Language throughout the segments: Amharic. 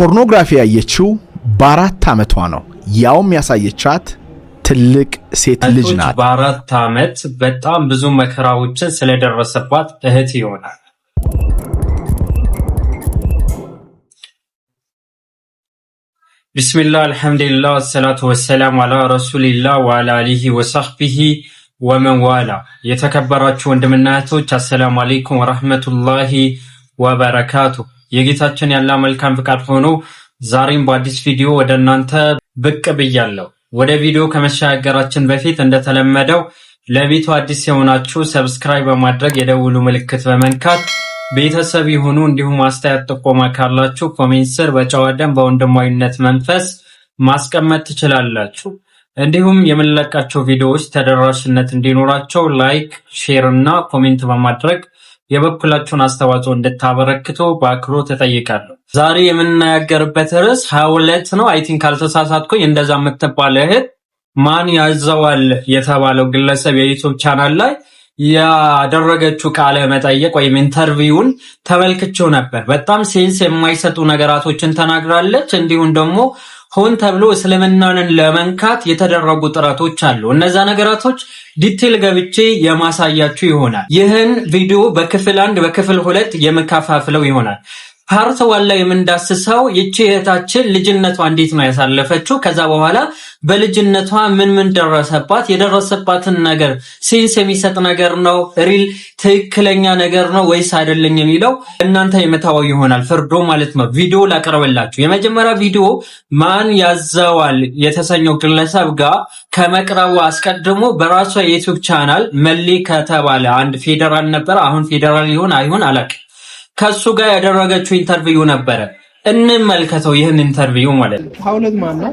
ፖርኖግራፊ ያየችው በአራት ዓመቷ ነው። ያውም ያሳየቻት ትልቅ ሴት ልጅ ናት። በአራት ዓመት በጣም ብዙ መከራዎችን ስለደረሰባት እህት ይሆናል። ብስሚላ አልሐምዱሊላህ ወሰላቱ ወሰላም አላ ረሱሊላ ወአላ አሊሂ ወሳህቢሂ ወመን ዋላ። የተከበራችሁ ወንድምና እህቶች አሰላሙ አሌይኩም ወረህመቱላሂ ወበረካቱሁ የጌታችን ያለ መልካም ፍቃድ ሆኖ ዛሬም በአዲስ ቪዲዮ ወደ እናንተ ብቅ ብያለሁ። ወደ ቪዲዮ ከመሸጋገራችን በፊት እንደተለመደው ለቤቱ አዲስ የሆናችሁ ሰብስክራይብ በማድረግ የደውሉ ምልክት በመንካት ቤተሰብ የሆኑ እንዲሁም አስተያየት ጥቆማ ካላችሁ ኮሜንት ስር በጨዋ በወንድማዊነት መንፈስ ማስቀመጥ ትችላላችሁ። እንዲሁም የምንለቃቸው ቪዲዮዎች ተደራሽነት እንዲኖራቸው ላይክ፣ ሼር እና ኮሜንት በማድረግ የበኩላችሁን አስተዋጽኦ እንድታበረክቱ በአክብሮ ተጠይቃለሁ። ዛሬ የምናገርበት ርዕስ ሁለት ነው። አይ ቲንክ ካልተሳሳትኩኝ እንደዛ የምትባለ እህት ማን ያዘዋል የተባለው ግለሰብ የዩቱብ ቻናል ላይ ያደረገችው ቃለ መጠየቅ ወይም ኢንተርቪውን ተመልክቼው ነበር። በጣም ሴንስ የማይሰጡ ነገራቶችን ተናግራለች። እንዲሁም ደግሞ ሆን ተብሎ እስልምናንን ለመንካት የተደረጉ ጥረቶች አሉ። እነዛ ነገራቶች ዲቴል ገብቼ የማሳያችሁ ይሆናል። ይህን ቪዲዮ በክፍል አንድ በክፍል ሁለት የመካፋፍለው ይሆናል። ፓርት ዋን ላይ የምንዳስሰው ይቺ እህታችን ልጅነቷ እንዴት ነው ያሳለፈችው፣ ከዛ በኋላ በልጅነቷ ምን ምን ደረሰባት፣ የደረሰባትን ነገር ሴንስ የሚሰጥ ነገር ነው፣ ሪል ትክክለኛ ነገር ነው ወይስ አይደለም የሚለው እናንተ የምታወው ይሆናል፣ ፍርዶ ማለት ነው። ቪዲዮ ላቀርበላችሁ። የመጀመሪያ ቪዲዮ ማን ያዘዋል የተሰኘው ግለሰብ ጋር ከመቅረቡ አስቀድሞ በራሷ የዩቲዩብ ቻናል መሌ ከተባለ አንድ ፌዴራል ነበር። አሁን ፌዴራል ይሆን አይሆን አላውቅም ከሱ ጋር ያደረገችው ኢንተርቪው ነበረ። እንመልከተው ይህን ኢንተርቪው ማለት ነው። ሀውለት ነው?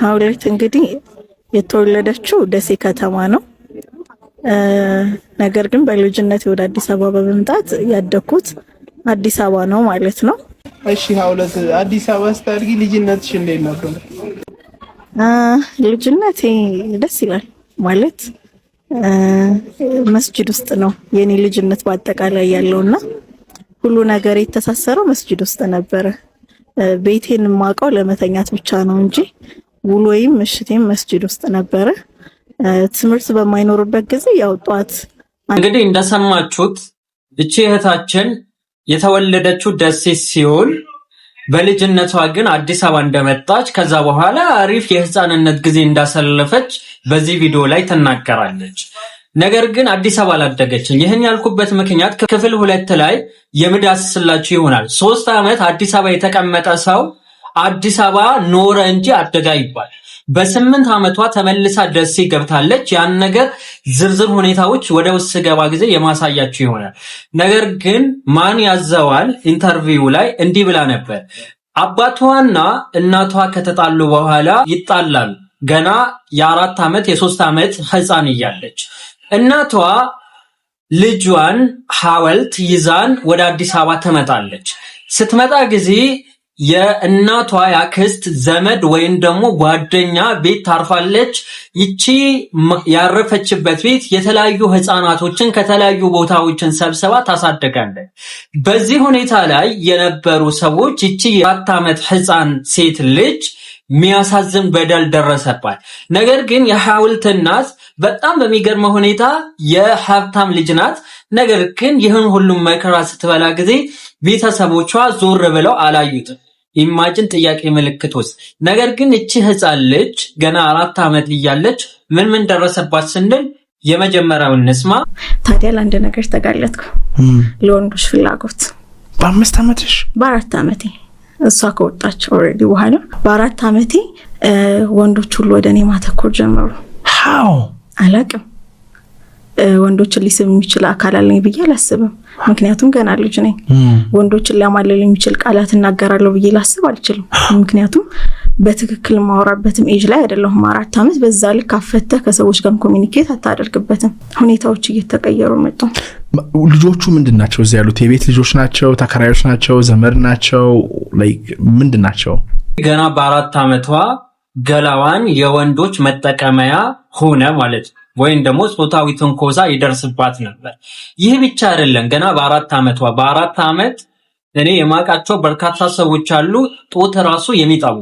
ሀውለት እንግዲህ የተወለደችው ደሴ ከተማ ነው። ነገር ግን በልጅነት ወደ አዲስ አበባ በመምጣት ያደኩት አዲስ አበባ ነው ማለት ነው። እሺ ሀውለት፣ አዲስ አበባ ስታድጊ ልጅነትሽ እንዴት ነበር? ልጅነት ደስ ይላል ማለት መስጅድ ውስጥ ነው የኔ ልጅነት በአጠቃላይ ያለውና ሁሉ ነገር የተሳሰረው መስጅድ ውስጥ ነበረ። ቤቴን ማውቀው ለመተኛት ብቻ ነው እንጂ ውሎይም ምሽቴም መስጅድ ውስጥ ነበረ። ትምህርት በማይኖርበት ጊዜ ያው ጧት እንግዲህ እንደሰማችሁት እቺ እህታችን የተወለደችው ደሴት ሲሆን በልጅነቷ ግን አዲስ አበባ እንደመጣች ከዛ በኋላ አሪፍ የህፃንነት ጊዜ እንዳሳለፈች በዚህ ቪዲዮ ላይ ትናገራለች። ነገር ግን አዲስ አበባ አላደገችም። ይህን ያልኩበት ምክንያት ክፍል ሁለት ላይ የምዳስስላችሁ ይሆናል። ሶስት ዓመት አዲስ አበባ የተቀመጠ ሰው አዲስ አበባ ኖረ እንጂ አደጋ ይባል በስምንት ዓመቷ ተመልሳ ደሴ ገብታለች። ያን ነገር ዝርዝር ሁኔታዎች ወደ ውስጥ ገባ ጊዜ የማሳያችሁ ይሆናል። ነገር ግን ማን ያዘዋል ኢንተርቪው ላይ እንዲህ ብላ ነበር። አባቷና እናቷ ከተጣሉ በኋላ ይጣላል። ገና የአራት ዓመት የሶስት ዓመት ህፃን እያለች እናቷ ልጇን ሐውልት ይዛን ወደ አዲስ አበባ ትመጣለች። ስትመጣ ጊዜ የእናቷ ያክስት ዘመድ ወይም ደግሞ ጓደኛ ቤት ታርፋለች። ይቺ ያረፈችበት ቤት የተለያዩ ህፃናቶችን ከተለያዩ ቦታዎችን ሰብስባ ታሳድጋለች። በዚህ ሁኔታ ላይ የነበሩ ሰዎች ይቺ የአራት ዓመት ህፃን ሴት ልጅ የሚያሳዝን በደል ደረሰባት። ነገር ግን የሐውልት እናት በጣም በሚገርመ ሁኔታ የሀብታም ልጅ ናት። ነገር ግን ይህን ሁሉም መከራ ስትበላ ጊዜ ቤተሰቦቿ ዞር ብለው አላዩትም። ኢማጅን ጥያቄ ምልክት ውስጥ። ነገር ግን እቺ ህፃን ልጅ ገና አራት ዓመት እያለች ምን ምን ደረሰባት ስንል የመጀመሪያውን እንስማ። ታዲያ ለአንድ ነገር ተጋለጥኩ፣ ለወንዶች ፍላጎት። በአምስት ዓመትሽ? በአራት ዓመቴ እሷ ከወጣች ኦልሬዲ በኋላ በአራት ዓመቴ ወንዶች ሁሉ ወደ እኔ ማተኮር ጀመሩ። አላቅም ወንዶችን ሊስብ የሚችል አካል አለኝ ብዬ አላስብም። ምክንያቱም ገና ልጅ ነኝ። ወንዶችን ሊያማልል የሚችል ቃላት እናገራለሁ ብዬ ላስብ አልችልም። ምክንያቱም በትክክል ማውራበትም ኤጅ ላይ አይደለሁም። አራት ዓመት በዛ ልክ አፈተ ከሰዎች ጋር ኮሚኒኬት አታደርግበትም። ሁኔታዎች እየተቀየሩ መጡ። ልጆቹ ምንድን ናቸው? እዚ ያሉት የቤት ልጆች ናቸው? ተከራዮች ናቸው? ዘመድ ናቸው? ምንድን ናቸው? ገና በአራት ዓመቷ ገላዋን የወንዶች መጠቀመያ ሆነ ማለት ነው። ወይም ደግሞ ጾታዊ ትንኮሳ ይደርስባት ነበር። ይህ ብቻ አይደለም። ገና በአራት ዓመቷ በአራት ዓመት እኔ የማውቃቸው በርካታ ሰዎች አሉ ጡት ራሱ የሚጠቡ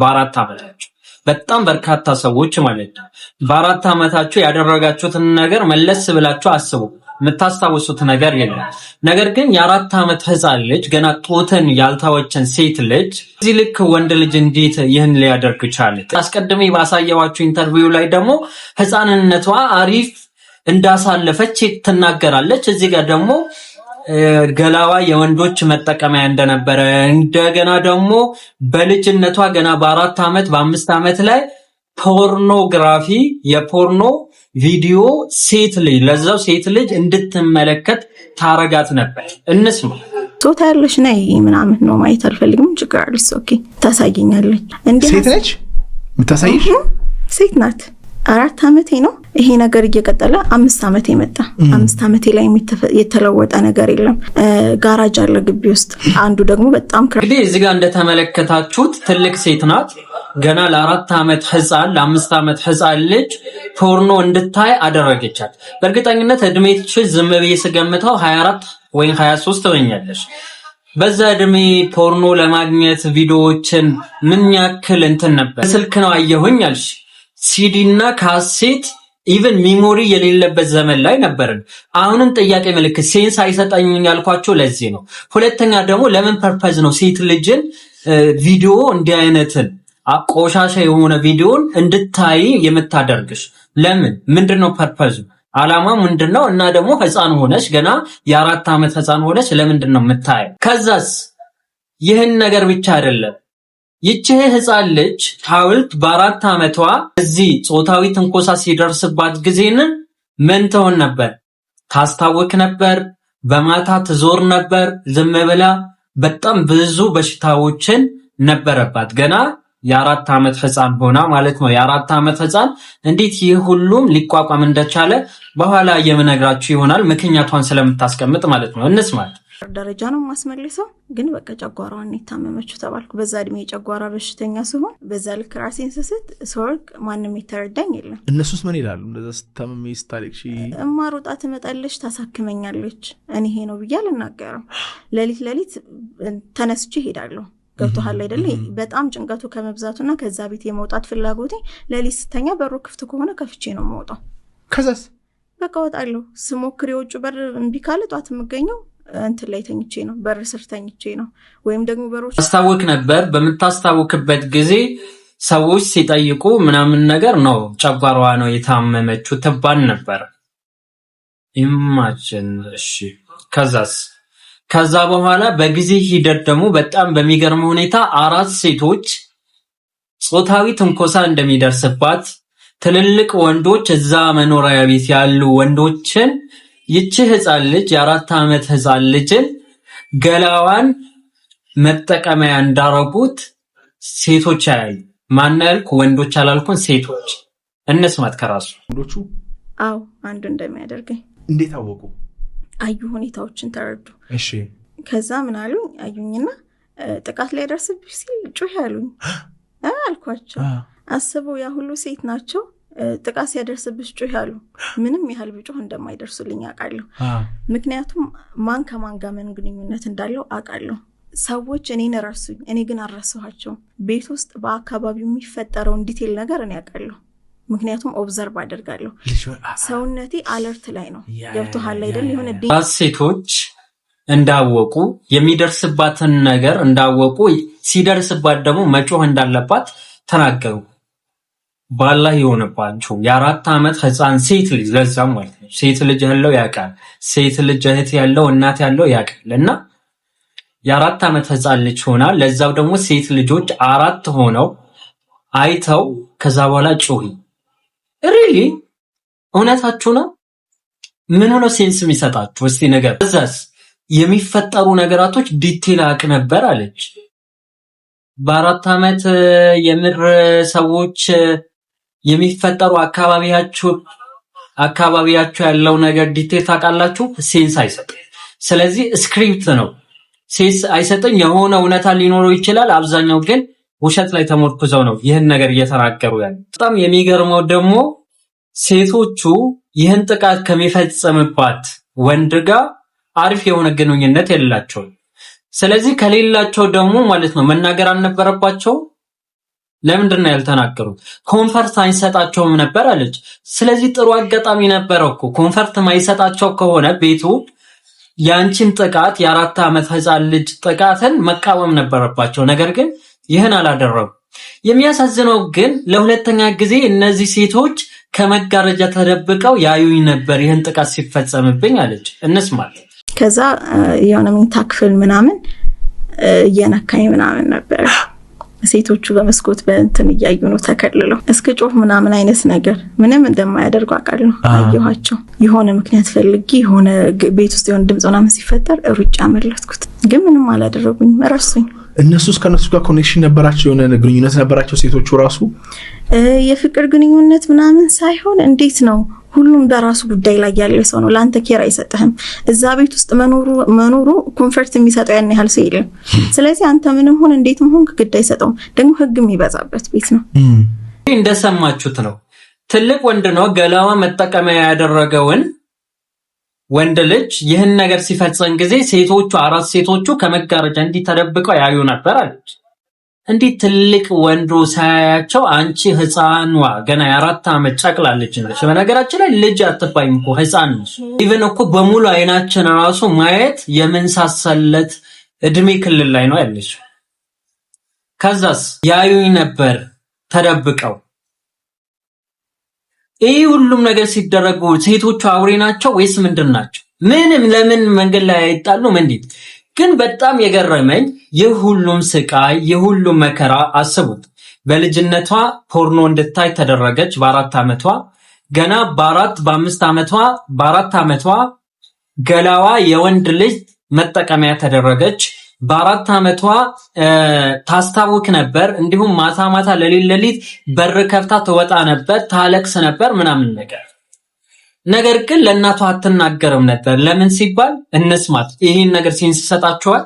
በአራት ዓመታቸው በጣም በርካታ ሰዎች ማለት ነው። በአራት ዓመታቸው ያደረጋችሁትን ነገር መለስ ብላችሁ አስቡ። የምታስታውሱት ነገር የለም። ነገር ግን የአራት ዓመት ህፃን ልጅ ገና ጡትን ያልታወችን ሴት ልጅ እዚህ ልክ ወንድ ልጅ እንዴት ይህን ሊያደርግ ቻለ? አስቀድሜ ባሳየዋችሁ ኢንተርቪው ላይ ደግሞ ህፃንነቷ አሪፍ እንዳሳለፈች ትናገራለች። እዚህ ጋር ደግሞ ገላዋ የወንዶች መጠቀሚያ እንደነበረ እንደገና ደግሞ በልጅነቷ ገና በአራት ዓመት በአምስት ዓመት ላይ ፖርኖግራፊ የፖርኖ ቪዲዮ ሴት ልጅ ለዛው ሴት ልጅ እንድትመለከት ታረጋት ነበር። እንስ ነው ጾታ ያለሽ ነይ ምናምን ነው ማየት አልፈልግም። ችግር አለስ ኦኬ ታሳየኛለች። ሴት ነች የምታሳይሽ ሴት ናት። አራት ዓመቴ ነው ይሄ ነገር እየቀጠለ አምስት ዓመቴ የመጣ አምስት ዓመቴ ላይ የተለወጠ ነገር የለም። ጋራጅ አለ ግቢ ውስጥ። አንዱ ደግሞ በጣም እንግዲህ እዚህ ጋር እንደተመለከታችሁት ትልቅ ሴት ናት። ገና ለአራት ዓመት ሕፃን ለአምስት ዓመት ሕፃን ልጅ ፖርኖ እንድታይ አደረገቻት። በእርግጠኝነት እድሜች ዝም ብዬ ስገምተው 24 ወይም 23 ትሆኛለሽ። በዛ እድሜ ፖርኖ ለማግኘት ቪዲዮዎችን ምን ያክል እንትን ነበር? ስልክ ነው አየሁኝ አልሽ ሲዲ እና ካሴት ኢቨን ሚሞሪ የሌለበት ዘመን ላይ ነበርን። አሁንም ጥያቄ ምልክት ሴንስ አይሰጠኝም ያልኳቸው ለዚህ ነው። ሁለተኛ ደግሞ ለምን ፐርፐዝ ነው ሴት ልጅን ቪዲዮ እንዲህ አይነትን ቆሻሻ የሆነ ቪዲዮን እንድታይ የምታደርግሽ? ለምን ምንድን ነው ፐርፐዙ? አላማ ምንድን ነው? እና ደግሞ ህፃን ሆነች ገና የአራት ዓመት ህፃን ሆነች ለምንድን ነው የምታየው? ከዛስ ይህን ነገር ብቻ አይደለም ይህች ህፃን ልጅ ሐውልት በአራት ዓመቷ እዚህ ጾታዊ ትንኮሳ ሲደርስባት ጊዜን ምን ትሆን ነበር? ታስታውክ ነበር? በማታ ትዞር ነበር? ዝም ብላ በጣም ብዙ በሽታዎችን ነበረባት። ገና የአራት ዓመት ህፃን ሆና ማለት ነው። የአራት ዓመት ህፃን እንዴት ይህ ሁሉም ሊቋቋም እንደቻለ በኋላ የምነግራችሁ ይሆናል፣ ምክንያቷን ስለምታስቀምጥ ማለት ነው። እንስማት። ደረጃ ነው ማስመልሰው ግን በቃ ጨጓራዋን የታመመችው ተባልኩ። በዛ እድሜ የጨጓራ በሽተኛ ስሆን በዛ ልክ ራሴን ስስት ስወርቅ ማንም የተረዳኝ የለም። እነሱስ ምን ይላሉ? እንደዛ ስታመሜ ስታለቅሺ እማ ሮጣ ትመጣለች፣ ታሳክመኛለች። እኔ ይሄ ነው ብዬ አልናገርም። ሌሊት ሌሊት ተነስቼ ሄዳለሁ። ገብቶሃል አይደለ? በጣም ጭንቀቱ ከመብዛቱና ከዛ ቤት የመውጣት ፍላጎቴ ሌሊት ስተኛ በሩ ክፍት ከሆነ ከፍቼ ነው የምወጣው። ከዛስ በቃ እወጣለሁ። ስሞክር የውጭ በር እምቢ ካለ ጧት የምገኘው እንትን ላይ ተኝቼ ነው፣ በር ስር ተኝቼ ነው። ወይም ደግሞ በሮች ታስታውክ ነበር። በምታስታውክበት ጊዜ ሰዎች ሲጠይቁ ምናምን ነገር ነው ጨጓራዋ ነው የታመመችው ትባል ነበር። ኢማጅን። እሺ፣ ከዛስ? ከዛ በኋላ በጊዜ ሂደት ደግሞ በጣም በሚገርም ሁኔታ አራት ሴቶች ጾታዊ ትንኮሳ እንደሚደርስባት ትልልቅ ወንዶች እዛ መኖሪያ ቤት ያሉ ወንዶችን ይቺ ህፃን ልጅ የአራት ዓመት ህፃን ልጅን ገላዋን መጠቀሚያ እንዳረጉት ሴቶች አያዩ። ማን ያልኩ ወንዶች አላልኩን፣ ሴቶች። እነስማት ከራሱ ወንዶቹ። አዎ አንዱ እንደሚያደርገኝ እንዴት አወቁ? አዩ ሁኔታዎችን ተረዱ። እሺ ከዛ ምን አሉኝ? አዩኝና ጥቃት ላይ ደርስብሽ ሲል ጩህ ያሉኝ አልኳቸው። አስበው ያ ሁሉ ሴት ናቸው ጥቃት ሲያደርስብሽ ጩህ ያሉ ምንም ያህል ብጮህ እንደማይደርሱልኝ አውቃለሁ። ምክንያቱም ማን ከማን ጋር ምን ግንኙነት እንዳለው አውቃለሁ። ሰዎች እኔን ረሱኝ፣ እኔ ግን አልረሳኋቸውም። ቤት ውስጥ በአካባቢው የሚፈጠረውን ዲቴል ነገር እኔ አውቃለሁ፣ ምክንያቱም ኦብዘርቭ አደርጋለሁ። ሰውነቴ አለርት ላይ ነው። ገብቶሃል አይደል? የሆነ ሴቶች እንዳወቁ የሚደርስባትን ነገር እንዳወቁ ሲደርስባት ደግሞ መጮህ እንዳለባት ተናገሩ። ባላህ የሆነባቸው የአራት ዓመት ህፃን ሴት ልጅ ለዛም ማለት ነው። ሴት ልጅ ያለው ያውቃል። ሴት ልጅ እህት ያለው እናት ያለው ያውቃል። እና የአራት ዓመት ህፃን ልጅ ሆና ለዛው ደግሞ ሴት ልጆች አራት ሆነው አይተው ከዛ በኋላ ጩሂ። ሪሊ እውነታችሁ ነው? ምን ሆኖ ሴንስ የሚሰጣችሁ እስቲ ነገር እዛስ የሚፈጠሩ ነገራቶች ዲቴል አቅ ነበር አለች። በአራት ዓመት የምር ሰዎች የሚፈጠሩ አካባቢያችሁ ያለው ነገር ዲቴል ታውቃላችሁ፣ ሴንስ አይሰጥም። ስለዚህ ስክሪፕት ነው፣ ሴንስ አይሰጥም። የሆነ እውነታ ሊኖረው ይችላል፣ አብዛኛው ግን ውሸት ላይ ተሞርኩዘው ነው ይህን ነገር እየተናገሩ ያለ። በጣም የሚገርመው ደግሞ ሴቶቹ ይህን ጥቃት ከሚፈጸምባት ወንድ ጋር አሪፍ የሆነ ግንኙነት የላቸውም። ስለዚህ ከሌላቸው ደግሞ ማለት ነው መናገር አልነበረባቸው ለምንድን ነው ያልተናገሩት? ኮንፈርት አይሰጣቸውም ነበር አለች። ስለዚህ ጥሩ አጋጣሚ ነበረ እኮ። ኮንፈርት ማይሰጣቸው ከሆነ ቤቱ የአንቺን ጥቃት የአራት ዓመት ህፃን ልጅ ጥቃትን መቃወም ነበረባቸው። ነገር ግን ይህን አላደረጉ። የሚያሳዝነው ግን ለሁለተኛ ጊዜ እነዚህ ሴቶች ከመጋረጃ ተደብቀው ያዩኝ ነበር ይህን ጥቃት ሲፈጸምብኝ አለች። እንስማል። ከዛ የሆነ መኝታ ክፍል ምናምን እየነካኝ ምናምን ነበር ሴቶቹ በመስኮት በእንትን እያዩ ነው ተከልለው እስከ ጮፍ ምናምን አይነት ነገር ምንም እንደማያደርጉ አቃል ነው አየኋቸው። የሆነ ምክንያት ፈልጊ የሆነ ቤት ውስጥ የሆነ ድምፅ ምናምን ሲፈጠር ሩጫ መለስኩት፣ ግን ምንም አላደረጉኝ ረሱኝ። እነሱስ ከነሱ ጋር ኮኔክሽን ነበራቸው? የሆነ ግንኙነት ነበራቸው ሴቶቹ ራሱ የፍቅር ግንኙነት ምናምን ሳይሆን እንዴት ነው ሁሉም በራሱ ጉዳይ ላይ ያለ ሰው ነው። ለአንተ ኬር አይሰጥህም። እዛ ቤት ውስጥ መኖሩ ኮንፈርት የሚሰጠው ያን ያህል ሰው የለም። ስለዚህ አንተ ምንም ሆን እንዴትም ሆን ግድ አይሰጠውም። ደግሞ ህግ የሚበዛበት ቤት ነው። እንደሰማችሁት ነው። ትልቅ ወንድ ነው ገላዋ መጠቀሚያ ያደረገውን ወንድ ልጅ ይህን ነገር ሲፈጽም ጊዜ ሴቶቹ አራት ሴቶቹ ከመጋረጃ እንዲህ ተደብቀው ያዩ ነበር አለች። እንዴት ትልቅ ወንዶ ሳያያቸው አንቺ ህፃኗ ገና የአራት ዓመት ጨቅላ ልጅ ነች። በነገራችን ላይ ልጅ አትባይም እኮ ህፃን ነች። ኢቨን እኮ በሙሉ አይናችን ራሱ ማየት የምንሳሰለት እድሜ ክልል ላይ ነው ያለች። ከዛስ ያዩኝ ነበር ተደብቀው። ይህ ሁሉም ነገር ሲደረጉ ሴቶቹ አውሬ ናቸው ወይስ ምንድን ናቸው? ምንም ለምን መንገድ ላይ አይጣሉም? እንዴት ግን በጣም የገረመኝ የሁሉም ስቃይ የሁሉም መከራ አስቡት። በልጅነቷ ፖርኖ እንድታይ ተደረገች። በአራት ዓመቷ ገና በአራት በአምስት ዓመቷ በአራት ዓመቷ ገላዋ የወንድ ልጅ መጠቀሚያ ተደረገች። በአራት ዓመቷ ታስታውክ ነበር። እንዲሁም ማታ ማታ ለሊት ለሊት በር ከፍታ ትወጣ ነበር፣ ታለቅስ ነበር ምናምን ነገር ነገር ግን ለእናቷ አትናገርም ነበር። ለምን ሲባል እንስማት። ይሄን ነገር ሲንስ ሰጣችኋል።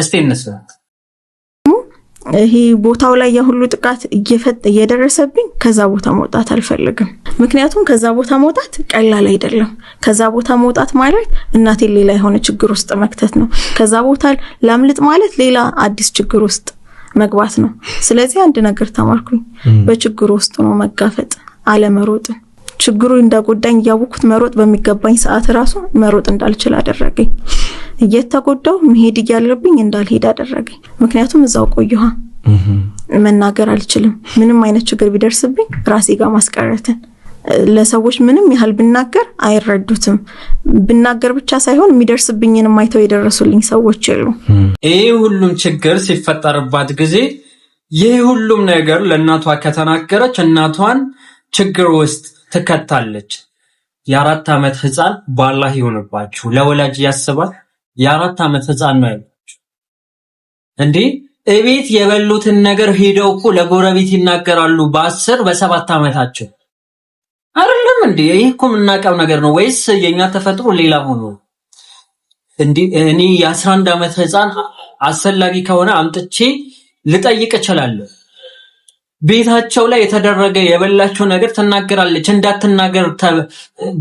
እስቲ እንስማት። ይሄ ቦታው ላይ የሁሉ ጥቃት እየደረሰብኝ ከዛ ቦታ መውጣት አልፈልግም። ምክንያቱም ከዛ ቦታ መውጣት ቀላል አይደለም። ከዛ ቦታ መውጣት ማለት እናቴን ሌላ የሆነ ችግር ውስጥ መክተት ነው። ከዛ ቦታ ላምልጥ ማለት ሌላ አዲስ ችግር ውስጥ መግባት ነው። ስለዚህ አንድ ነገር ተማርኩኝ። በችግር ውስጥ ነው መጋፈጥ አለመሮጥን ችግሩ እንደጎዳኝ እያወኩት መሮጥ በሚገባኝ ሰዓት ራሱ መሮጥ እንዳልችል አደረገኝ። እየተጎዳው መሄድ እያለብኝ እንዳልሄድ አደረገኝ። ምክንያቱም እዛው ቆየኋ መናገር አልችልም። ምንም አይነት ችግር ቢደርስብኝ ራሴ ጋር ማስቀረትን ለሰዎች ምንም ያህል ብናገር አይረዱትም። ብናገር ብቻ ሳይሆን የሚደርስብኝንም አይተው የደረሱልኝ ሰዎች የሉ። ይህ ሁሉም ችግር ሲፈጠርባት ጊዜ ይህ ሁሉም ነገር ለእናቷ ከተናገረች እናቷን ችግር ውስጥ ትከታለች። የአራት ዓመት ህፃን ባላህ ይሆንባችሁ። ለወላጅ ያስባል። የአራት ዓመት ህፃን ነው ያለች እንዴ? እቤት የበሉትን ነገር ሄደው እኮ ለጎረቤት ይናገራሉ። በአስር በሰባት ዓመታቸው አይደለም እንዴ? ይህ እኮ የምናውቀው ነገር ነው ወይስ የኛ ተፈጥሮ ሌላ ሆኖ እንዴ? እኔ የአስራ አንድ ዓመት ህፃን አስፈላጊ ከሆነ አምጥቼ ልጠይቅ እችላለሁ። ቤታቸው ላይ የተደረገ የበላቸው ነገር ትናገራለች። እንዳትናገር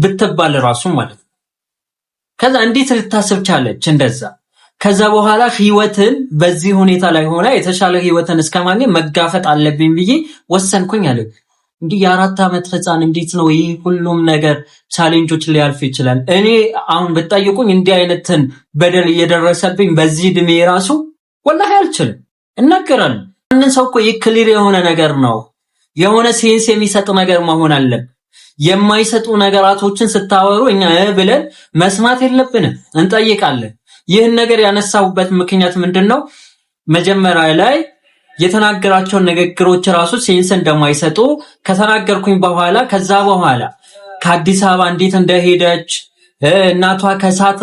ብትባል ራሱ ማለት ነው። ከዛ እንዴት ልታስብ ቻለች እንደዛ? ከዛ በኋላ ህይወትን በዚህ ሁኔታ ላይ ሆና የተሻለ ህይወትን እስከማግኘት መጋፈጥ አለብኝ ብዬ ወሰንኩኝ አለ። እንዲህ የአራት ዓመት ህፃን እንዴት ነው ይህ ሁሉም ነገር ቻሌንጆች ሊያልፍ ይችላል? እኔ አሁን ብትጠይቁኝ እንዲህ አይነትን በደል እየደረሰብኝ በዚህ እድሜ ራሱ ወላሂ አልችልም፣ እናገራለሁ አንድን ሰው እኮ ይህ ክሊር የሆነ ነገር ነው የሆነ ሴንስ የሚሰጥ ነገር መሆን አለብን። የማይሰጡ ነገራቶችን ስታወሩ እኛ ብለን መስማት የለብንም፣ እንጠይቃለን። ይህን ነገር ያነሳሁበት ምክንያት ምንድን ነው? መጀመሪያ ላይ የተናገራቸውን ንግግሮች ራሱ ሴንስ እንደማይሰጡ ከተናገርኩኝ በኋላ ከዛ በኋላ ከአዲስ አበባ እንዴት እንደሄደች እናቷ ከሳት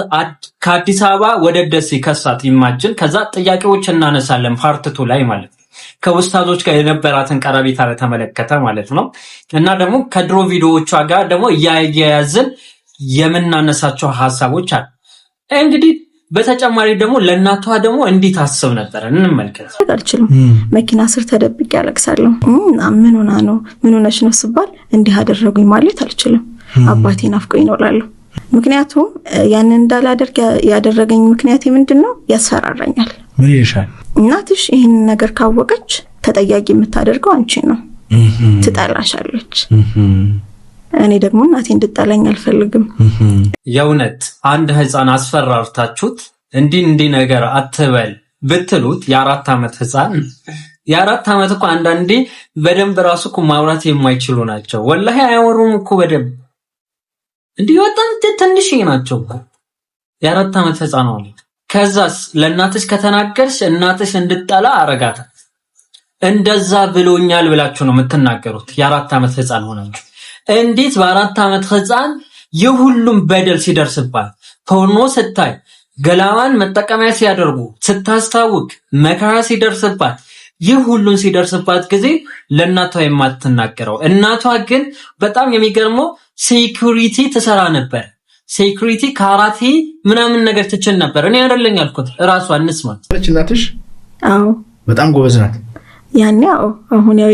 ከአዲስ አበባ ወደ ደሴ ከሳት ይማችን ከዛ ጥያቄዎች እናነሳለን ፓርትቱ ላይ ማለት ነው። ከውስታዞች ጋር የነበራትን ቀረቤታ ተመለከተ ማለት ነው። እና ደግሞ ከድሮ ቪዲዮዎቿ ጋር ደግሞ እያያያዝን የምናነሳቸው ሀሳቦች አሉ እንግዲህ በተጨማሪ ደግሞ ለእናቷ ደግሞ እንዲህ ታስብ ነበር። እንመልከት። አልችልም መኪና ስር ተደብቅ ያለቅሳለሁ። ምን ሆና ነው ምን ሆነች ነው ስባል እንዲህ አደረጉኝ ማለት አልችልም። አባቴን ናፍቆኝ ነው ምክንያቱም ያንን እንዳላደርግ ያደረገኝ ምክንያት ምንድን ነው? ያስፈራራኛል ምን ይልሻል? እናትሽ ይህንን ነገር ካወቀች ተጠያቂ የምታደርገው አንቺ ነው። ትጠላሻለች። እኔ ደግሞ እናቴ እንድጠላኝ አልፈልግም። የእውነት አንድ ህፃን አስፈራርታችሁት እንዲህ እንዲህ ነገር አትበል ብትሉት የአራት ዓመት ህፃን የአራት ዓመት እኮ አንዳንዴ በደንብ ራሱ እኮ ማውራት የማይችሉ ናቸው። ወላሂ አያወሩም እኮ በደንብ እንዲህ በጣም ትንሽ ናቸው። የአራት ዓመት ሕፃን ከዛስ ለእናትሽ ከተናገርሽ እናትሽ እንድጠላ አረጋት። እንደዛ ብሎኛል ብላችሁ ነው የምትናገሩት የአራት ዓመት ህፃን ሆናችሁ። እንዴት በአራት ዓመት ህፃን ይህ ሁሉም በደል ሲደርስባት ፖርኖ ስታይ ገላዋን መጠቀሚያ ሲያደርጉ ስታስታውቅ መከራ ሲደርስባት ይህ ሁሉን ሲደርስባት ጊዜ ለእናቷ የማትናገረው እናቷ ግን በጣም የሚገርመው ሴኩሪቲ ትሰራ ነበር። ሴኩሪቲ ካራቴ ምናምን ነገር ትችል ነበር። እኔ አይደለኝ አልኩት። እራሱ አንስማት እናትሽ በጣም ጎበዝ ናት። ያኔ ያው አሁን ያው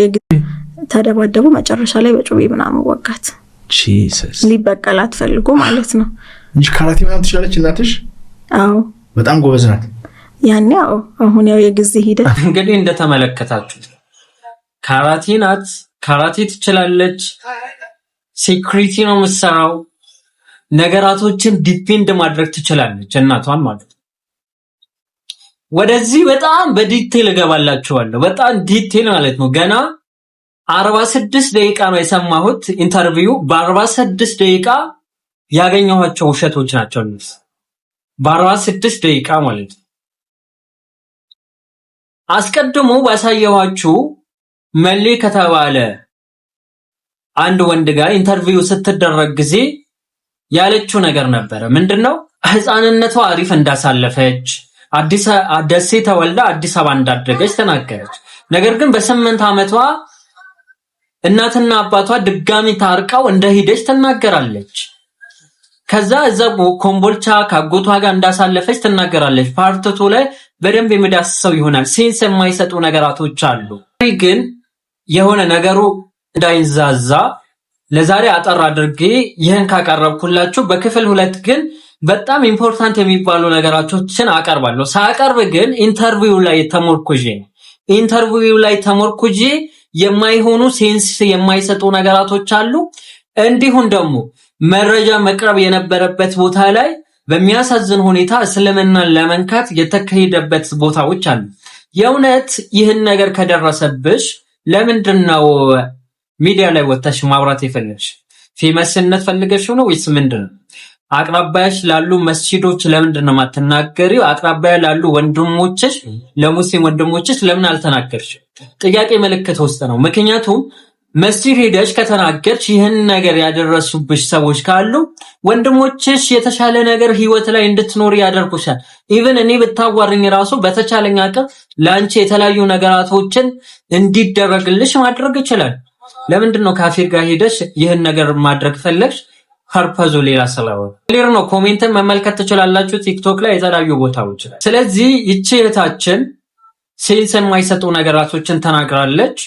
ተደባደቡ። መጨረሻ ላይ በጩቤ ምናምን ወጋት። ሊበቀላት ፈልጎ ማለት ነው እንጂ ካራቴ ምናምን ትችላለች እናትሽ። አዎ በጣም ጎበዝ ናት። ያኔ ያው አሁን ያው የጊዜ ሂደት እንግዲህ እንደተመለከታችሁት ካራቴ ናት። ካራቴ ትችላለች። ሴኩሪቲ ነው የምትሰራው ነገራቶችን ዲፌንድ ማድረግ ትችላለች እናቷን ማለት ነው። ወደዚህ በጣም በዲቴል እገባላችኋለሁ። በጣም ዲቴል ማለት ነው። ገና አርባ ደቂቃ ነው የሰማሁት ኢንተርቪው። በ በ46 ደቂቃ ያገኘኋቸው ውሸቶች ናቸው እነሱ። በ46 ደቂቃ ማለት ነው። አስቀድሞ ባሳየኋችሁ መሌ ከተባለ አንድ ወንድ ጋር ኢንተርቪው ስትደረግ ጊዜ ያለችው ነገር ነበረ። ምንድን ነው ህፃንነቷ አሪፍ እንዳሳለፈች ደሴ ተወልዳ አዲስ አበባ እንዳደገች ተናገረች። ነገር ግን በስምንት ዓመቷ እናትና አባቷ ድጋሚ ታርቀው እንደሄደች ትናገራለች። ከዛ እዛ ኮምቦልቻ ከአጎቷ ጋር እንዳሳለፈች ትናገራለች። ፓርትቱ ላይ በደንብ የሚዳስሰው ይሆናል። ሴንስ የማይሰጡ ነገራቶች አሉ። ግን የሆነ ነገሩ እንዳይንዛዛ ለዛሬ አጠር አድርጌ ይህን ካቀረብኩላችሁ በክፍል ሁለት ግን በጣም ኢምፖርታንት የሚባሉ ነገራቶችን አቀርባለሁ። ሳቀርብ ግን ኢንተርቪው ላይ ተሞርኩዤ ኢንተርቪው ላይ ተሞርኩዤ የማይሆኑ ሴንስ የማይሰጡ ነገራቶች አሉ። እንዲሁም ደግሞ መረጃ መቅረብ የነበረበት ቦታ ላይ በሚያሳዝን ሁኔታ እስልምናን ለመንካት የተካሄደበት ቦታዎች አሉ። የእውነት ይህን ነገር ከደረሰብሽ ለምንድን ነው ሚዲያ ላይ ወጥተሽ ማውራት የፈለግሽ ፌመስነት ፈልገሽ ነው ወይስ ምንድን ነው? አቅራባያሽ ላሉ መስጂዶች ለምንድን ነው የማትናገሪው? አቅራባያ ላሉ ወንድሞችሽ ለሙስሊም ወንድሞችሽ ለምን አልተናገርሽ? ጥያቄ ምልክት ውስጥ ነው። ምክንያቱም መስጂድ ሄደሽ ከተናገርሽ ይህን ነገር ያደረሱብሽ ሰዎች ካሉ ወንድሞችሽ የተሻለ ነገር ህይወት ላይ እንድትኖር ያደርጉሻል። ኢቨን እኔ ብታዋርኝ ራሱ በተቻለኝ አቅም ለአንቺ የተለያዩ ነገራቶችን እንዲደረግልሽ ማድረግ ይችላል። ለምንድን ነው ካፊር ጋር ሄደሽ ይህን ነገር ማድረግ ፈለግሽ? ፐርፐዙ ሌላ ስለሆነ ክሊር ነው። ኮሜንትን መመልከት ትችላላችሁ ቲክቶክ ላይ የተለያዩ ቦታዎች ላይ። ስለዚህ ይቺ እህታችን ሴንስ የማይሰጡ ነገራቶችን ተናግራለች።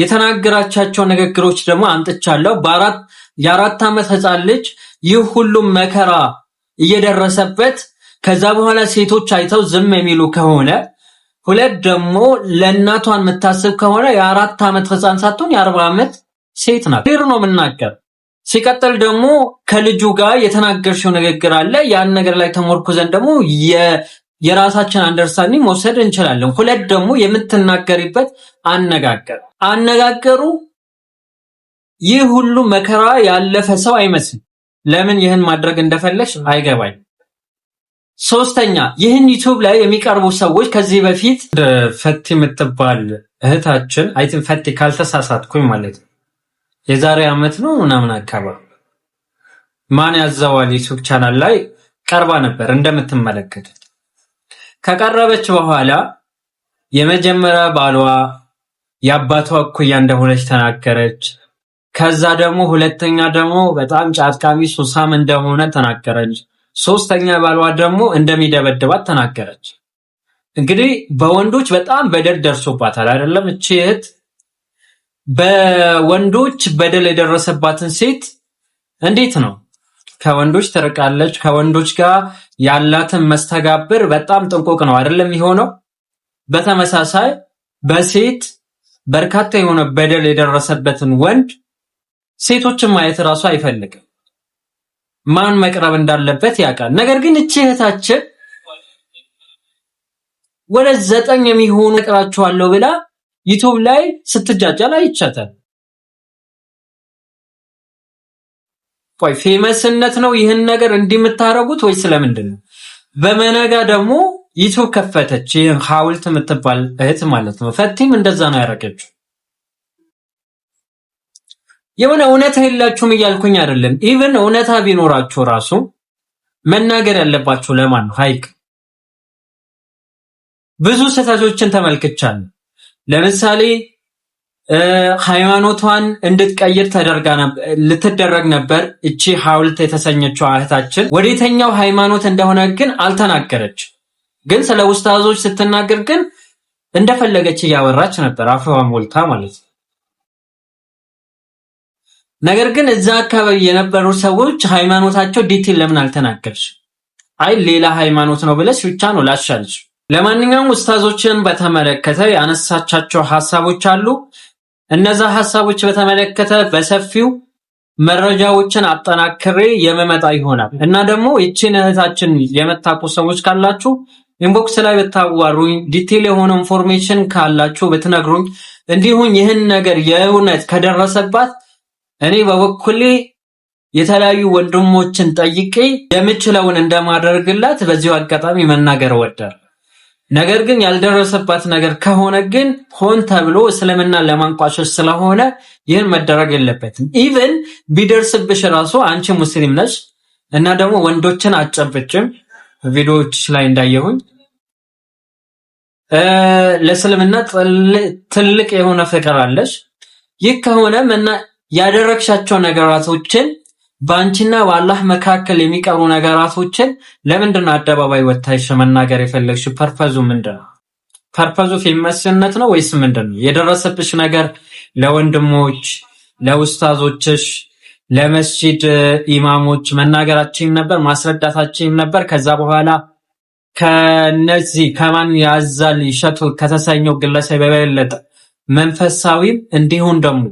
የተናገራቻቸው ንግግሮች ደግሞ አምጥቻለሁ። በአራት የአራት ዓመት ህፃን ልጅ ይህ ሁሉም መከራ እየደረሰበት ከዛ በኋላ ሴቶች አይተው ዝም የሚሉ ከሆነ ሁለት ደግሞ ለእናቷን የምታስብ ከሆነ የአራት ዓመት ህፃን ሳትሆን የአርባ ዓመት ሴት ናት። ፌር ነው የምናገር። ሲቀጥል ደግሞ ከልጁ ጋር የተናገርሽው ንግግር አለ። ያን ነገር ላይ ተሞርኩዘን ደግሞ የራሳችን አንደርስታንዲንግ መውሰድ እንችላለን። ሁለት ደግሞ የምትናገሪበት አነጋገር አነጋገሩ ይህ ሁሉ መከራ ያለፈ ሰው አይመስልም። ለምን ይህን ማድረግ እንደፈለሽ አይገባኝ። ሶስተኛ ይህን ዩቱብ ላይ የሚቀርቡ ሰዎች ከዚህ በፊት ፈቲ የምትባል እህታችን አይ ፈቲ ካልተሳሳትኩኝ ማለት ነው የዛሬ ዓመት ነው ምናምን አካባቢ ማን ያዘዋል ዩቱብ ቻናል ላይ ቀርባ ነበር። እንደምትመለከቱት ከቀረበች በኋላ የመጀመሪያ ባሏ የአባቷ እኩያ እንደሆነች ተናገረች። ከዛ ደግሞ ሁለተኛ ደግሞ በጣም ጫትቃሚ ሱሳም እንደሆነ ተናገረች። ሶስተኛ ባሏ ደግሞ እንደሚደበድባት ተናገረች። እንግዲህ በወንዶች በጣም በደል ደርሶባታል አይደለም? እቺ እህት በወንዶች በደል የደረሰባትን ሴት እንዴት ነው ከወንዶች ትርቃለች? ከወንዶች ጋር ያላትን መስተጋብር በጣም ጥንቁቅ ነው አይደለም የሆነው። በተመሳሳይ በሴት በርካታ የሆነ በደል የደረሰበትን ወንድ ሴቶችን ማየት እራሱ አይፈልግም። ማን መቅረብ እንዳለበት ያውቃል። ነገር ግን እቺ እህታችን ወደ ዘጠኝ የሚሆኑ እቀራችኋለሁ ብላ ዩቱብ ላይ ላይ አይቻታል። ቆይ ፌመስነት ነው ይህን ነገር እንዲምታረጉት ወይ ስለምንድን ነው? በመነጋ ደግሞ ዩቱብ ከፈተች። ይህ ሀውልት የምትባል እህት ማለት ነው። ፈቲም እንደዛ ነው ያደረገችው። የሆነ እውነት የላችሁም እያልኩኝ አይደለም። ኢቭን እውነታ ቢኖራችሁ ራሱ መናገር ያለባችሁ ለማን ነው? ሀይቅ ብዙ ስህተቶችን ተመልክቻለሁ። ለምሳሌ ሃይማኖቷን እንድትቀይር ልትደረግ ነበር እቺ ሀውልት የተሰኘችው እህታችን። ወደ ሃይማኖት እንደሆነ ግን አልተናገረች። ግን ስለ ውስታዞች ስትናገር ግን እንደፈለገች እያወራች ነበር፣ አፍዋ ሞልታ ማለት ነው። ነገር ግን እዛ አካባቢ የነበሩ ሰዎች ሃይማኖታቸው ዲቴል ለምን አልተናገርሽ? አይ ሌላ ሃይማኖት ነው ብለሽ ብቻ ነው ላሻልሽ። ለማንኛውም ኡስታዞችን በተመለከተ ያነሳቻቸው ሀሳቦች አሉ። እነዛ ሀሳቦች በተመለከተ በሰፊው መረጃዎችን አጠናክሬ የመመጣ ይሆናል እና ደግሞ ይችን እህታችን የመታቁ ሰዎች ካላችሁ ኢንቦክስ ላይ ብታዋሩኝ፣ ዲቴል የሆነ ኢንፎርሜሽን ካላችሁ ብትነግሩኝ፣ እንዲሁም ይህን ነገር የእውነት ከደረሰባት እኔ በበኩሌ የተለያዩ ወንድሞችን ጠይቄ የምችለውን እንደማደርግላት በዚሁ አጋጣሚ መናገር ወደር ነገር ግን ያልደረሰባት ነገር ከሆነ ግን ሆን ተብሎ እስልምና ለማንቋሸሽ ስለሆነ ይህን መደረግ የለበትም። ኢቨን ቢደርስብሽ ራሱ አንቺ ሙስሊም ነች። እና ደግሞ ወንዶችን አጨብጭም ቪዲዮዎች ላይ እንዳየሁኝ ለእስልምና ትልቅ የሆነ ፍቅር አለች። ይህ ከሆነ ያደረግሻቸው ነገራቶችን በአንቺና በአላህ መካከል የሚቀሩ ነገራቶችን ለምንድን አደባባይ ወጥተሽ መናገር የፈለግሽው? ፐርፐዙ ምንድን ነው? ፐርፐዙ ፌመስነት ነው ወይስ ምንድን ነው? የደረሰብሽ ነገር ለወንድሞች፣ ለውስታዞችሽ፣ ለመስጂድ ኢማሞች መናገራችን ነበር፣ ማስረዳታችን ነበር። ከዛ በኋላ ከነዚህ ከማን ያዛል ይሸቱ ከተሰኘው ግለሰብ የበለጠ መንፈሳዊም እንዲሁም ደግሞ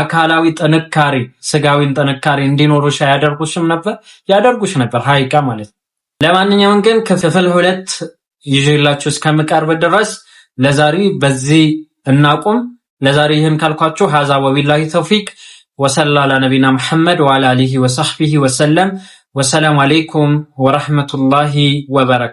አካላዊ ጥንካሬ ስጋዊን ጥንካሬ እንዲኖሩሽ አያደርጉሽም ነበር? ያደርጉሽ ነበር ሀይቃ ማለት ነው። ለማንኛውም ግን ክፍል ሁለት ይዤላችሁ እስከምቀርብ ድረስ ለዛሬ በዚህ እናቁም። ለዛሬ ይህን ካልኳችሁ ሀዛ ወቢላሂ ተውፊቅ ወሰላ አላ ነቢና መሐመድ ወአላ አሊሂ ወሰሕቢሂ ወሰለም። ወሰላሙ አሌይኩም ወረሕመቱላሂ ወበረካቱ